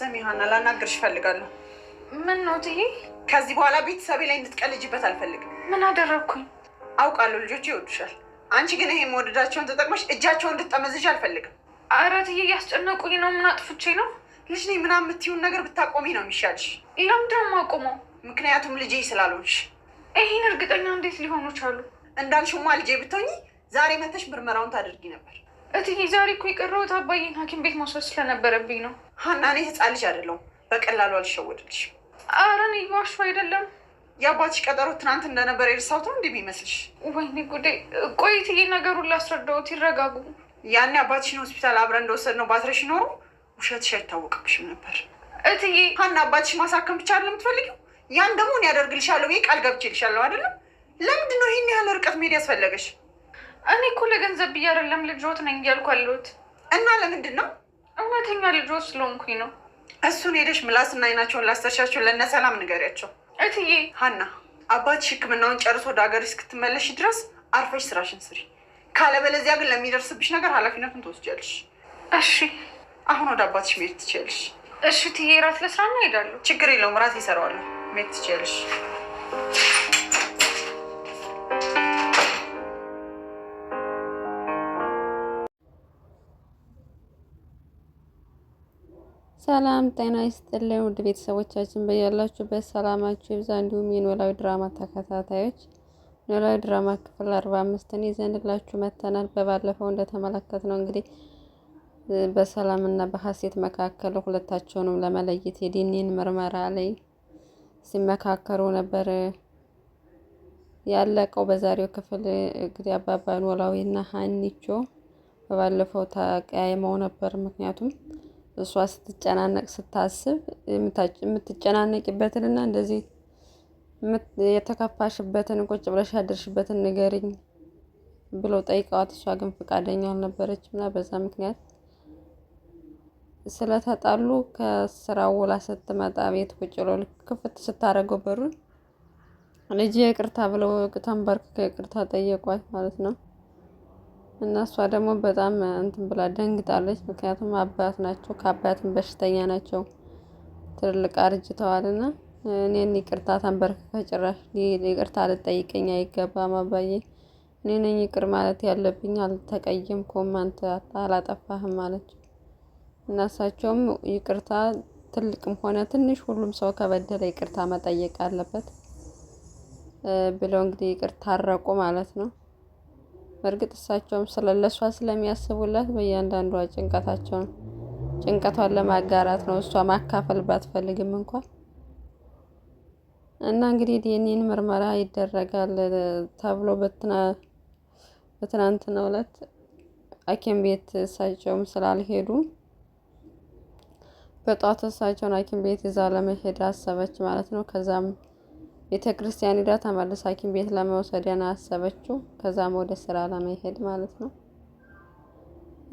ሰሚ ሀና ላናግርሽ እፈልጋለሁ። ምን ነው ትዬ? ከዚህ በኋላ ቤተሰቤ ላይ እንድትቀልጅበት አልፈልግም። ምን አደረግኩኝ? አውቃለሁ ልጆች ይወዱሻል። አንቺ ግን ይሄ መወደዳቸውን ተጠቅመሽ እጃቸውን እንድትጠመዝሽ አልፈልግም። ኧረ ትዬ እያስጨነቁኝ ነው። ምን አጥፍቼ ነው? ልጅ ነኝ ምናምን የምትይውን ነገር ብታቆሚ ነው የሚሻልሽ። ለምንድነው የማቆመው? ምክንያቱም ልጄ ስላልሆንሽ። ይህን እርግጠኛ እንዴት ሊሆኑ ቻሉ? እንዳልሽማ ልጄ ብትሆኚ ዛሬ መተሽ ምርመራውን ታደርጊ ነበር። እትዬ ዛሬ እኮ የቀረሁት አባዬን ሐኪም ቤት መውሰድ ስለነበረብኝ ነው። ሀና እኔ ህፃን ልጅ አይደለሁም። በቀላሉ አልሸወድልሽ። አረ እኔ ዋሹ አይደለም። የአባትሽ ቀጠሮ ትናንት እንደነበረ የርሳውት ነው እንዴ የሚመስልሽ? ወይኔ ጉዴ! ቆይትዬ ነገሩን ላስረዳውት፣ ይረጋጉ። ያኔ አባትሽን ሆስፒታል አብረን እንደወሰድ ነው ባትረሽ ይኖሩ ውሸትሽ አይታወቅብሽም ነበር እትዬ። ሀና አባትሽ ማሳከም ብቻ አይደለም የምትፈልጊው፣ ያን ደግሞ እኔ ያደርግልሻለሁ ብዬ ቃል ገብቼልሻለሁ አይደለም። ለምንድን ነው ይህን ያህል ርቀት መሄድ ያስፈለገሽ? እኔ እኮ ለገንዘብ ብዬ አይደለም ልጆት ነኝ እያልኩ ያለሁት እና ለምንድን ነው እውነተኛ ልጆ ስለሆንኩኝ ነው። እሱን ሄደሽ ምላስና አይናቸውን ላስተሻቸው ለእነ ሰላም ንገሪያቸው። እትዬ ሀና አባትሽ ሕክምናውን ጨርሶ ወደ ሀገር እስክትመለሽ ድረስ አርፈሽ ስራሽን ስሪ። ካለበለዚያ ግን ለሚደርስብሽ ነገር ኃላፊነቱን ትወስጃለሽ። እሺ። አሁን ወደ አባትሽ መሄድ ትችያለሽ። እሺ እትዬ፣ እራት ለስራ እና እሄዳለሁ። ችግር የለውም። እራት ይሰራዋለሁ። መሄድ ትችያለሽ። ሰላም ጤና ይስጥልኝ ውድ ቤተሰቦቻችን በያላችሁበት ሰላማችሁ ይብዛ። እንዲሁም የኖላዊ ድራማ ተከታታዮች ኖላዊ ድራማ ክፍል አርባ አምስትን ይዘንላችሁ መተናል። በባለፈው እንደተመለከት ነው እንግዲህ በሰላምና በሀሴት መካከል ሁለታቸውንም ለመለየት የዲኒን ምርመራ ላይ ሲመካከሩ ነበር ያለቀው። በዛሬው ክፍል እንግዲህ አባባ ኖላዊና ሀኒቾ በባለፈው ተቀያይመው ነበር ምክንያቱም እሷ ስትጨናነቅ ስታስብ የምትጨናነቂበትንና እንደዚህ የተከፋሽበትን ቁጭ ብለሽ ያደርሽበትን ንገሪኝ ብሎ ጠይቀዋት፣ እሷ ግን ፈቃደኛ አልነበረችም እና በዛ ምክንያት ስለተጣሉ ከስራ ውላ ስትመጣ ቤት ቁጭ ብሎ ክፍት ስታደርገው በሩን ልጅ ይቅርታ ብለው ተንበርክከው ይቅርታ ጠየቋት ማለት ነው። እና እሷ ደግሞ በጣም እንትን ብላ ደንግጣለች። ምክንያቱም አባት ናቸው፣ ከአባትም በሽተኛ ናቸው። ትልልቅ አርጅተዋልና እኔን ይቅርታ ታንበርክከ ጭራሽ ይቅርታ ልጠይቀኝ አይገባም አባዬ፣ እኔ ነኝ ይቅር ማለት ያለብኝ፣ አልተቀየምኩም፣ አንተ አላጠፋህም አለች። እናሳቸውም ይቅርታ ትልቅም ሆነ ትንሽ ሁሉም ሰው ከበደለ ይቅርታ መጠየቅ አለበት ብለው እንግዲህ ይቅርታ አረቁ ማለት ነው። በእርግጥ እሳቸውም ስለለሷ ስለሚያስቡላት በእያንዳንዷ ጭንቀታቸውን ጭንቀቷን ለማጋራት ነው እሷ ማካፈል ባትፈልግም እንኳን እና እንግዲህ የኔን ምርመራ ይደረጋል ተብሎ በትናንትናው ዕለት ሐኪም ቤት እሳቸውም ስላልሄዱ በጧት እሳቸውን ሐኪም ቤት ይዛ ለመሄድ አሰበች ማለት ነው። ከዛም ቤተ ክርስቲያን ሄዳ ተመልሳ ሐኪም ቤት ለመውሰድ ያና አሰበችው። ከዛም ወደ ስራ ለመሄድ ማለት ነው።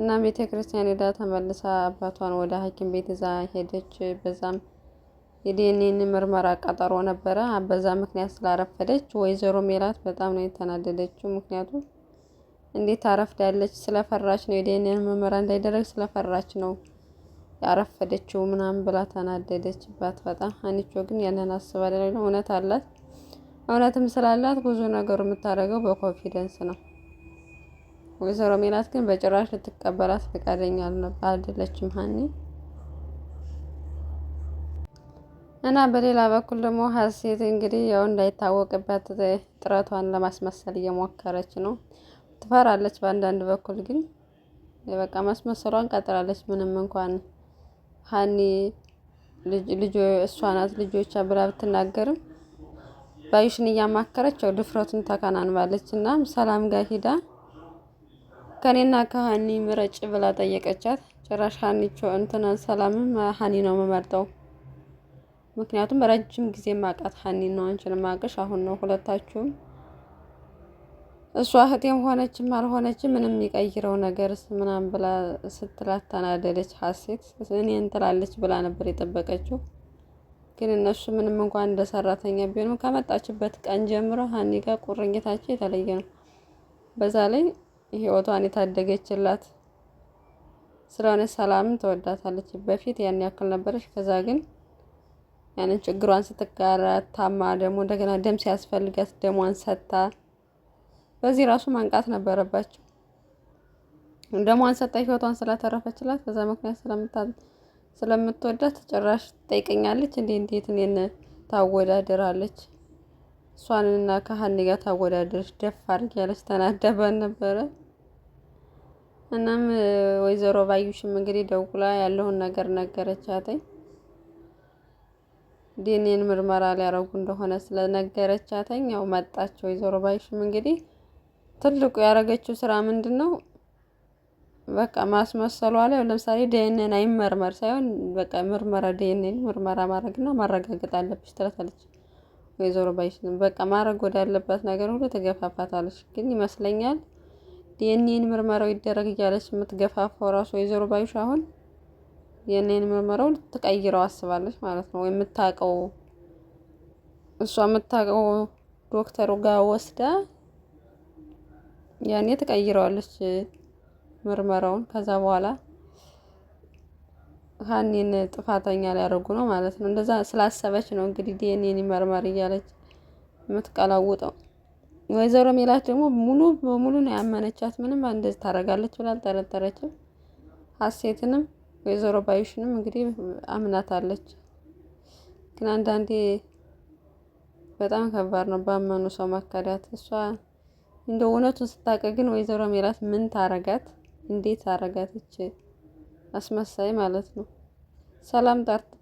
እናም ቤተ ክርስቲያን ሄዳ ተመልሳ አባቷን ወደ ሐኪም ቤት እዛ ሄደች። በዛም የዲኤንኤን ምርመራ ቀጠሮ ነበረ። በዛ ምክንያት ስላረፈደች ወይዘሮ ሜላት በጣም ነው የተናደደችው። ምክንያቱም እንዴት አረፍዳለች? ስለፈራች ነው። የዲኤንኤን ምርመራ እንዳይደረግ ስለፈራች ነው ያረፈደችው ምናምን ብላ ተናደደችባት በጣም ሀኒቾ ግን ያንን አስባ እውነት አላት እውነትም ስላላት ብዙ ነገሩ የምታደርገው በኮንፊደንስ ነው ወይዘሮ ሜላት ግን በጭራሽ ልትቀበላት ፈቃደኛ አይደለችም ሀኒ እና በሌላ በኩል ደግሞ ሀሴት እንግዲህ ያው እንዳይታወቅበት ጥረቷን ለማስመሰል እየሞከረች ነው ትፈራለች በአንዳንድ በኩል ግን በቃ ማስመሰሏን ቀጥራለች ምንም እንኳን ሀኒ ልጆ እሷ ናት ልጆቿ ብላ ብትናገርም ባዩሽን እያማከረች ያው ድፍረቱን ተከናንባለች። እና ሰላም ጋር ሂዳ ከኔና ከሀኒ ምረጭ ብላ ጠየቀቻት። ጭራሽ ሀኒቾ እንትናን ሰላምም ሀኒ ነው የምመርጠው፣ ምክንያቱም ረጅም ጊዜ ማቃት ሀኒ ነው አንቺን ማቅሽ አሁን ነው ሁለታችሁም እሷ እህቴም ሆነችም አልሆነችም ምንም የሚቀይረው ነገር ምናምን ብላ ስትላት ተናደደች። ሀሴት እኔን ትላለች ብላ ነበር የጠበቀችው። ግን እነሱ ምንም እንኳን እንደ ሰራተኛ ቢሆንም ከመጣችበት ቀን ጀምሮ ሀኒ ጋር ቁርኝታቸው የተለየ ነው። በዛ ላይ ህይወቷን የታደገችላት ስለሆነ ሰላምን ትወዳታለች። በፊት ያን ያክል ነበረች። ከዛ ግን ያንን ችግሯን ስትጋራ ታማ ደግሞ እንደገና ደም ሲያስፈልጋት ደሟን ሰጥታ በዚህ ራሱ ማንቃት ነበረባቸው። ደግሞ አንሰጣ ህይወቷን ስለተረፈችላት በዛ ምክንያት ስለምትወዳት ጭራሽ ትጠይቀኛለች። እንዴ እንዴት እኔን ታወዳድራለች? እሷንና ከሀኒ ጋር ታወዳድርሽ ደፋር ያለች ተናደባን ነበረ። እናም ወይዘሮ ባዩሽም እንግዲህ ደውላ ያለውን ነገር ነገረቻተኝ ዲኤንኤን ምርመራ ሊያደርጉ እንደሆነ ስለነገረቻተኝ ያው መጣች። ወይዘሮ ባዩሽም እንግዲህ ትልቁ ያደረገችው ስራ ምንድን ነው? በቃ ማስመሰሉ አለ። ለምሳሌ ዲኤንኤን አይመርመር ሳይሆን በቃ ምርመራ ዲኤንኤን ምርመራ ማድረግና ማረጋገጥ አለብሽ ትላታለች ወይዘሮ ባይሽንም። በቃ ማድረግ ወዳለባት ነገር ሁሉ ትገፋፋታለች። ግን ይመስለኛል ዲኤንኤን ምርመራው ይደረግ እያለች የምትገፋፋው ራሱ ወይዘሮ ባይሽ አሁን ዲኤንኤን ምርመራው ልትቀይረው አስባለች ማለት ነው። የምታውቀው እሷ የምታውቀው ዶክተሩ ጋር ወስዳ ያኔ ተቀይረዋለች ምርመራውን። ከዛ በኋላ ሀኒን ጥፋተኛ ሊያደርጉ ነው ማለት ነው። እንደዛ ስላሰበች ነው እንግዲህ ዲኤንኤን ይመርመር እያለች የምትቀላውጠው። ወይዘሮ ሜላት ደግሞ ሙሉ በሙሉ ነው ያመነቻት። ምንም እንደዚህ ታደርጋለች ብላ አልጠረጠረችም። ሀሴትንም ወይዘሮ ባዩሽንም እንግዲህ አምናታለች። ግን አንዳንዴ በጣም ከባድ ነው ባመኑ ሰው መከዳት እሷ እንደ እውነቱን ስታውቅ ግን ወይዘሮ ሜላት ምን ታረጋት? እንዴት አረጋትች? አስመሳይ ማለት ነው። ሰላም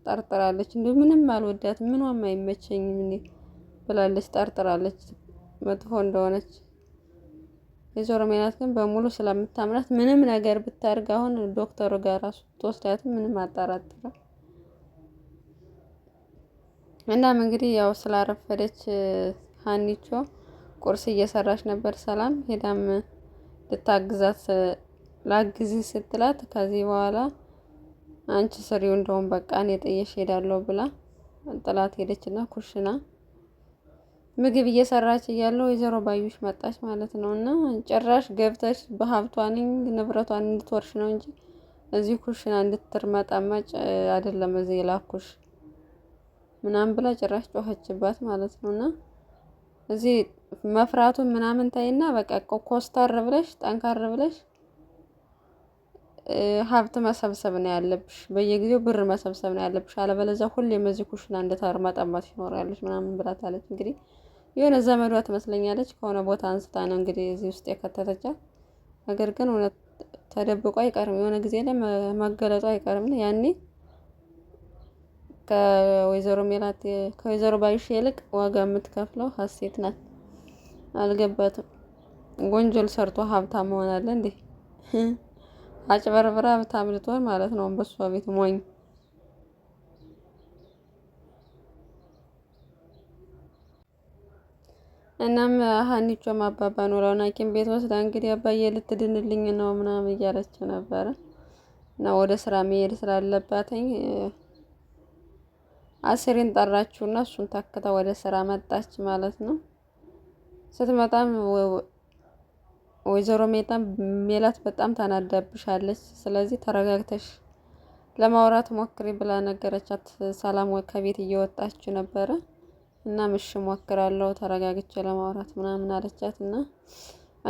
ጠርጥራለች። እንዲሁ ምንም አልወዳት ምኗም ይመቸኝ ምን ብላለች፣ ጠርጥራለች መጥፎ እንደሆነች። ወይዘሮ ሜላት ግን በሙሉ ስለምታምናት ምንም ነገር ብታደርግ አሁን ዶክተሩ ጋር ራሱ ትወስዳትም ምንም አጠራጥርም። እናም እንግዲህ ያው ስላረፈደች ሀኒቾ ቁርስ እየሰራች ነበር። ሰላም ሄዳም ልታግዛት ላግዝ ስትላት ከዚህ በኋላ አንቺ ስሪው እንደውም በቃ እኔ ጥዬሽ ሄዳለሁ ብላ ጥላት ሄደች ኩሽና ምግብ እየሰራች እያለው ወይዘሮ ባዩሽ መጣች ማለት ነው። እና ጭራሽ ገብተች በሀብቷን ንብረቷን እንድትወርሽ ነው እንጂ እዚህ ኩሽና እንድትርመጠመጭ አይደለም እዚህ የላኩሽ ምናምን ብላ ጭራሽ ጮኸችባት ማለት ነው እና እዚህ መፍራቱን ምናምን ታይና በቃ ኮስተር ብለሽ ጠንካር ብለሽ ሀብት መሰብሰብ ነው ያለብሽ። በየጊዜው ብር መሰብሰብ ነው ያለብሽ። አለበለዚያ ሁሌም እዚህ ኩሽና እንደተርማጣማ ትኖሪያለሽ ምናምን ብላታለች። እንግዲህ የሆነ ዘመዷ ትመስለኛለች ከሆነ ቦታ አንስታ ነው እንግዲህ እዚህ ውስጥ የከተተቻት። ነገር ግን እውነት ተደብቆ አይቀርም የሆነ ጊዜ ላይ መገለጡ አይቀርም። ያኔ ከወይዘሮ ሜላት ከወይዘሮ ባዩሽ ይልቅ ዋጋ የምትከፍለው ሀሴት ናት። አልገባትም። ወንጀል ሰርቶ ሀብታም መሆናለ እንዴ? አጭበርብራ ሀብታም ልትሆን ማለት ነው። በሷ ቤት ሞኝ እናም ሀኒቾ አባባ ኖላዊን ናቂም ቤት ወስዳ እንግዲህ አባዬ ልትድንልኝ ነው ምናምን እያለች ነበረ እና ወደ ስራ መሄድ ስላለባትኝ አስሬን ጠራችሁና እሱን ታክታ ወደ ስራ መጣች ማለት ነው። ስትመጣም ወይዘሮ ሜታ ሜላት በጣም ታናዳብሻለች፣ ስለዚህ ተረጋግተሽ ለማውራት ሞክሪ ብላ ነገረቻት። ሰላም ከቤት እየወጣች ነበረ እና ምሽ ሞክራለሁ ተረጋግቼ ለማውራት ምናምን አለቻት እና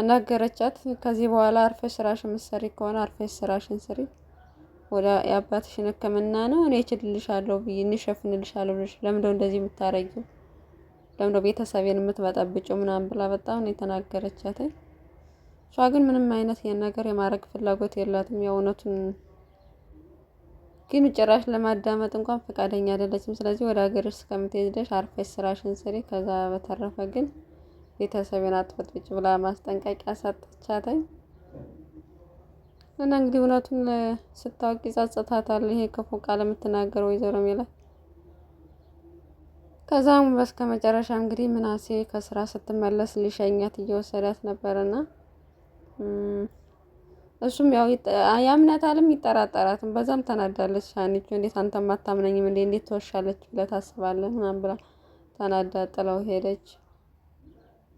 አናገረቻት። ከዚህ በኋላ አርፈሽ ስራሽን ምሰሪ ከሆነ አርፈሽ ስራሽን ስሪ፣ ወደ የአባትሽን ሕክምና ነው እኔ እችልልሻለሁ ብዬ እንሸፍንልሻለሁ ብለሽ ለምንድነው እንደዚህ የምታረጊው? ለምዶ ቤተሰቤን የምትበጠብጭው ምናምን ብላ በጣም ነው የተናገረቻትኝ። እሷ ግን ምንም አይነት ይህን ነገር የማድረግ ፍላጎት የላትም። የእውነቱን ግን ጭራሽ ለማዳመጥ እንኳን ፈቃደኛ አይደለችም። ስለዚህ ወደ ሀገርሽ እስከምትሄጂ ድረስ አርፈሽ ስራሽን ስሪ፣ ከዛ በተረፈ ግን ቤተሰቤን አትበጥብጭ ብላ ማስጠንቀቂያ ሰጥቻትኝ እና እንግዲህ እውነቱን ስታውቂ ጸጽታታል። ይሄ ክፉ ቃል የምትናገረው ወይዘሮ ሜላት ከዛም በስከ መጨረሻ እንግዲህ ምናሴ ከስራ ስትመለስ ሊሸኛት እየወሰዳት ነበርና እሱም ያው ያምናታልም ይጠራጠራትም። በዛም ተናዳለች። ሀኒቾ እንዴት አንተ ማታምነኝም እንዴ እንዴት ትወሻለች ብለህ ታስባለህ ምናምን ብላ ተናዳ ጥለው ሄደች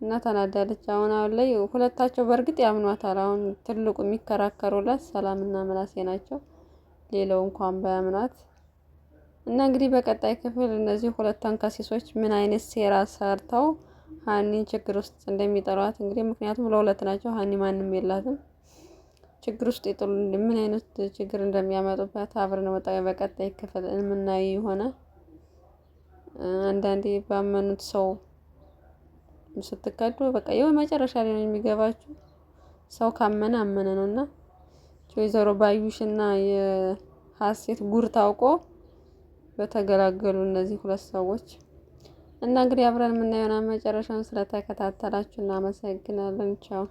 እና ተናዳለች። አሁን አሁን ላይ ሁለታቸው በእርግጥ ያምኗታል። አሁን ትልቁ የሚከራከሩላት ሰላምና ምናሴ ናቸው። ሌላው እንኳን ባያምናት እና እንግዲህ በቀጣይ ክፍል እነዚህ ሁለት አንካሲሶች ምን አይነት ሴራ ሰርተው ሀኒን ችግር ውስጥ እንደሚጠሏት እንግዲህ ምክንያቱም ለሁለት ናቸው፣ ሀኒ ማንም የላትም። ችግር ውስጥ ይጥሉ ምን አይነት ችግር እንደሚያመጡበት አብረን በቀጣይ ክፍል የምናየው የሆነ አንዳንዴ ባመኑት ሰው ስትከዱ በቃ የሆነ መጨረሻ ላይ ነው የሚገባችሁ። ሰው ካመነ አመነ ነው እና ወይዘሮ ባዩሽና የሀሴት ጉር ታውቆ በተገላገሉ እነዚህ ሁለት ሰዎች እና እንግዲህ አብረን የምናየው መጨረሻውን ስለተከታተላችሁ እናመሰግናለን። ቻው